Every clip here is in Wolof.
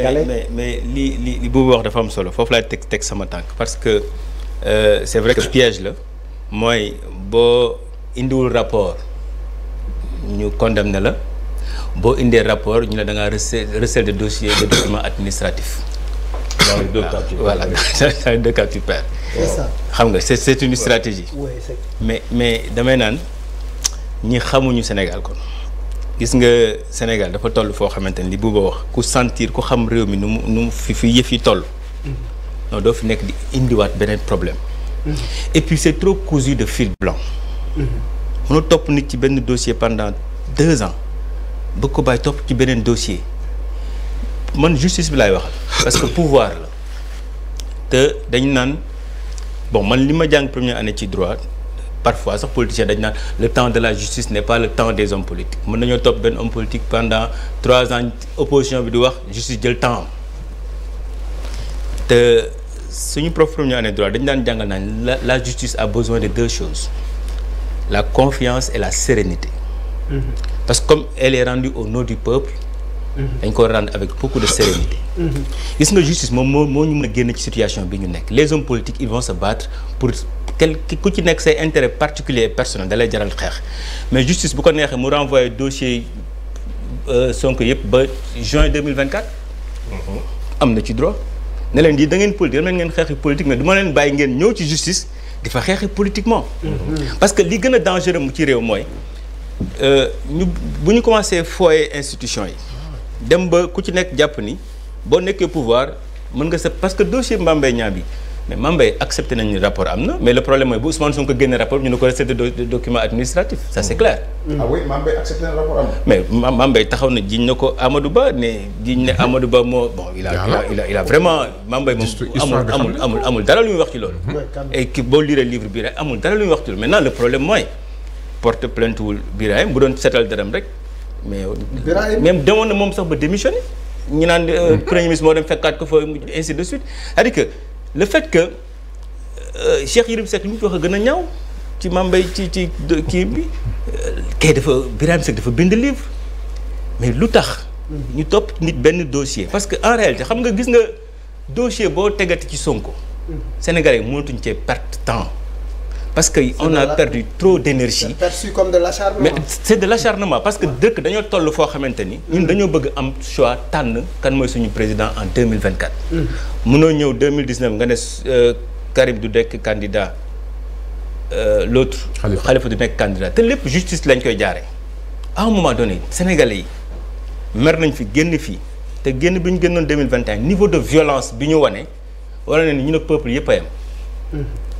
Eh, mais mais li li li boobu solo faut faire texte texte sama tank parce que euh, c'est vrai que piège là mooy bo indiwul rapport ñu condamné la bo indee rapport ñu ne da ngaa recel de dossier de document administratif dans les deux cas tu voilà dans les deux cas tu perds c'est ça xam nga c'est c'est une stratégie ouais, mais mais damay naan ñi xamuñu Sénégal kon gis nga Sénégal dafa toll fo xamanteni li bu ba wax ku sentir ku xam réew mi nu mu fi fi yëf toll. Mm-hmm. non do fi nek di wat benen problème. Mm-hmm. et puis c'est trop cousu de fil blanc. Mm-hmm. on top nit ci benn dossier pendant deux ans bëgg ko bàyyi topp ci benen dossier man justice bi lay waxal parce que pouvoir la te dañ nan bon man lima jang première année ci droit parfois les politiciens disent le temps de la justice n'est pas le temps des hommes politiques Je suis Top un homme politique pendant trois ans opposition bi di wax justice jël temps de te suñu prof première droit dañ la justice a besoin de deux choses la confiance et la sérénité. Mm-hmm. parce que comme elle est rendue au nom du peuple. Mhm. dañ ko rendre avec beaucoup de sérénité. -hmm. nga justice est moo moo ñu mën a ci situation les hommes politiques ils vont se battre pour quel ku ci un intérêt particulier et personnel da lay jaral mais justice bu ko neexee mu renvoyer dossier euh, Sonko juin 2024. Mhm. am na ci droit Nous leen di da ngeen politique politique mais nous avons leen bàyyi ngeen justice di fa politiquement. Mhm. parce que li qui est dangereux mu ci à avons euh, ñu bu ñu commencé institutions dem ba ku ci nekk jàpp ni boo nekkee pouvoir mën nga sa parce que dossier Mame Mbaye bi mais Mame Mbaye accepté nañ ni rapport am na mais le problème mooy bu Ousmane Sonko génne rapport ñu ne ko recette de document administratif ça c'est clair. Mm. ah oui Mame Mbaye accepté na rapport am mais Mame taxaw na diñ na ko Amadou Ba ne diñ ne Amadou Ba moo bon il a il a il a vraiment Mame moom amul amul amul amul dara lu ñu wax ci loolu. et ki boo lire livre bi rek amul dara lu ñu wax ci loolu maintenant le problème mooy porte plainte wul Birahim bu doon seetal dërëm rek mais même démissionner, na démissionné euh, hmm. premier ministre fait ainsi de suite que le fait que euh, Cheikh Yérim qui euh, livre mais ñu dossier parce qu'en en réalité xam nga gis nga dossier boo qui ci Sonko hmm. Sénégalais perte temps parce qu'on a perdu trop d'énergie. perçu comme de l'acharnement. Mais c'est de l'acharnement parce que dès que nous avons fait le nous avons un choix de quand nous sommes président en 2024. Nous avons en 2019, Karim Doudek candidat, euh, l'autre, Khalifa Doudek candidat. C'est la justice que nous À un moment donné, les Sénégalais, mer nañ fi des fii te on est ñu en 2021 niveau de violence bi a wane wala le ñu peuple yëpp a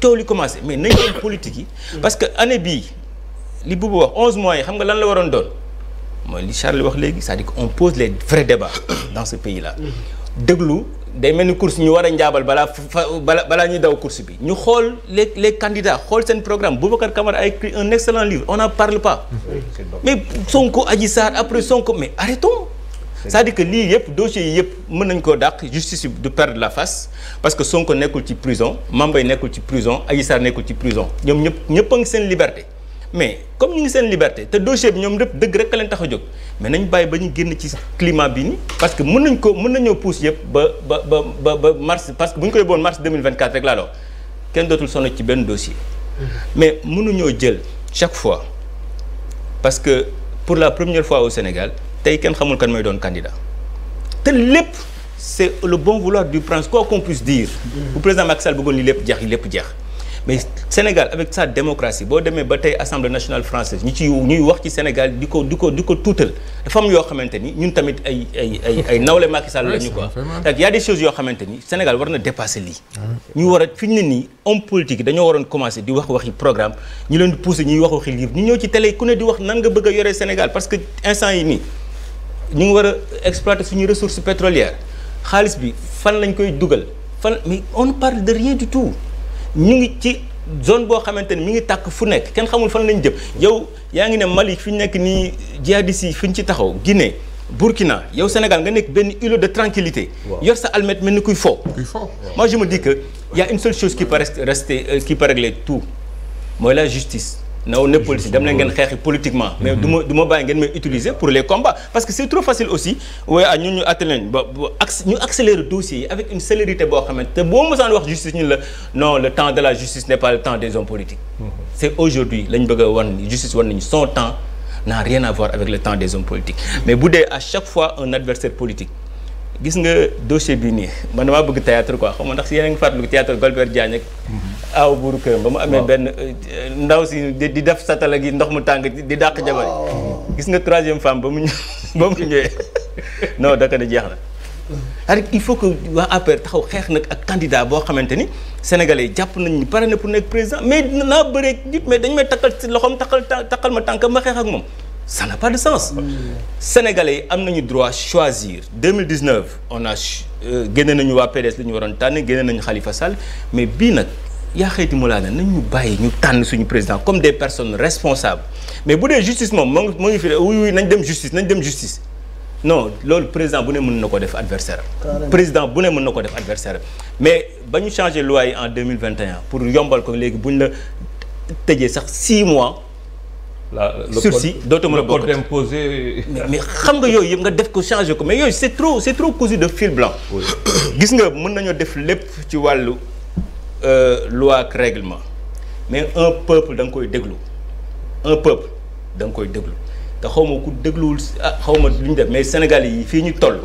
tout li commencé mais n'importe politique parce que année bi, li boobu wax onze mois yi xam nga lan la li Charles wax c'est-à-dire pose les vrais débats dans ce pays là. debout day mêmes courses course ñu war a njaabal balaa fa balaa balaa ñuy daw les les candidats xool seen programme Boubacar Camara a écrit un excellent livre on n'en parle pas. mais Sonko Adji Sarr après Sonko mais arrêtons c'est-à-dire que les yep dossiers yep justice perdre la face parce que son nekkul ci prison Mamba est nekkul prison Aïssa est nekkul prison Ils n'ont pas liberté mais comme ils ngi seen liberté te dossier est ñoom de mais nañ avons climat parce que mars 2024 rek dossier mm-hmm. mais nous jël chaque fois parce que pour la première fois au Sénégal tay ken xamul kan moy don candidat te lepp c'est le bon vouloir du prince quoi qu'on puisse dire bu mm. président Macky Sall bëggoon ni lepp jeex yi jeex mais Sénégal avec sa démocratie bo demee ba tay assemblée nationale française ñi ci ñuy wax ci Sénégal diko diko diko ko di ko tuutal dafa am yoo xamante ñun tamit ay ay ay ay nawle Macky Sall la quoi tak y a des choses yo xamanteni Sénégal war na dépasser li ñu war a ni homme politique dañu dañoo commencer di wax waxi programme ñi leen di pousser ñi wax waxi livre ñu ñëw ci télé ku ne di wax nan nga bëgg yoré Sénégal parce que instant yi ñu ngi war a exploiter suñuy ressources pétrolières xaalis bi fan lañ koy dugal fan mais on ne parle de rien du tout ñu ngi ci zone boo xamante ni mi ngi tàkk fu nekk kenn xamul fan lañ jëm yow yaa ngi ne Mali fi ñu nekk nii jihadistes yi ci taxaw Guinée Burkina yow Sénégal nga nekk benn îlot de tranquillité yor sa almet mel ni kuy fo moi je me dis que y a une seule chose qui peut rester euh, qui peut régler tout mooy la justice nous ne politique dem na politiquement. mais du ma du pour les combats parce que c'est trop facile aussi. Nous accélérons le dossier avec une célérité boo xamante te boo wax justice non le temps de la justice n'est pas le temps des hommes politiques. C'est aujourd'hui lañ justice son temps n'a rien à voir avec le temps des hommes politiques. mais vous avez à chaque fois un adversaire politique. gis nga dossier bii nii man damaa bëgg théâtre quoi xam nga ndax si théâtre. a théâtre Golbert aaw buuru këram ba mu amee benn euh, ndaw si di def satala gi ndox mu tàng di dàq jabar gis nga troisième femme ba mu ñëw ba mu ñëwee non daka ne jeex na rek il faut que waa APR taxaw xeex nag ak candidat boo xamante ni sénégalais yi jàpp nañ ñu pare na pour nekk président mais naa bëree nit mais dañu may takkal ci loxoom takkal takkal ma tànk ma xeex ak moom ça n'a pas de sens mm. sénégalais yi am nañu droit choisir 2019 on a euh, génne nañu waa PDS li ñu waroon tànn génne nañu Khalifa Sall mais bii nag yaa xëyti mu laa ne ñu bàyyi suñu président comme des personnes responsables mais pour dee justice ngi oui oui dem justice nous dem justice non le président bu ne mën def adversaire président bu ne mën def adversaire mais ba changer changé loi en 2021 pour yombal ko léegi bu la tëjee sax 6 mois sursis dootuma la bokk imposé mais xam nga yoy nga def ko changer ko mais c'est trop c'est trop cousu de fil blanc gis nga mën nañoo def lepp ci walu euh, loi et règlement mais un peuple da nga koy déglu un peuple da nga koy déglu te xaw ku dégluwul ah mais sénégalais yi finit ñu toll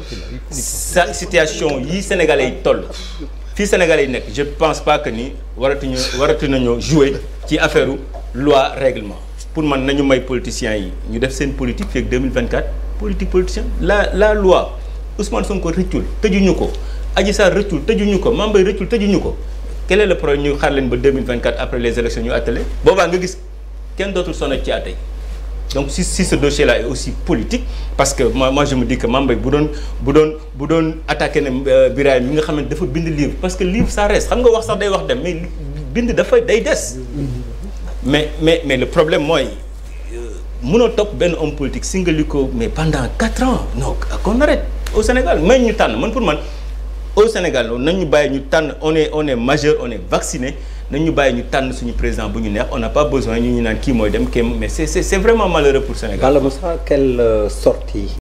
sa situation yi sénégalais yi toll fii sénégalais yi ne je pense pas que ni waratuñu waratu jouer ci affaire loi règlement pour man nañu may politiciens yi ñu def seen politique fii 2024 politique politicien la la loi Ousmane Sonko rëccul tëjuñu ko Adji Sarr rëccul tëjuñu ko Mame Mbaye rëccul ko quel est le problème ñu xaar ba 2024 après les élections ñu attelé Bon, nga gis d'autre dootul sonn ci atay donc si si ce dossier là est aussi politique parce que moi je me dis que Mambay Mbaye bu doon bu doon bu doon attaqué ne euh, nga livre parce que livre ça reste xam nga wax sax day wax dem mais bind dafa day des mais mais mais le problème mooy euh, mënoo top un homme politique single mais pendant 4 ans non on arrête au Sénégal mais ñu tànn man pour moi au Sénégal nañu bàyyi ñu tànn on est on est majeur on est vacciné nañu bàyyi ñu tànn suñu président bu ñu neex on n'a pas besoin ñu ñu naan kii dem kéem mais c'est c'est c'est vraiment malheureux pour Sénégal. Balla Moussa quelle euh, sortie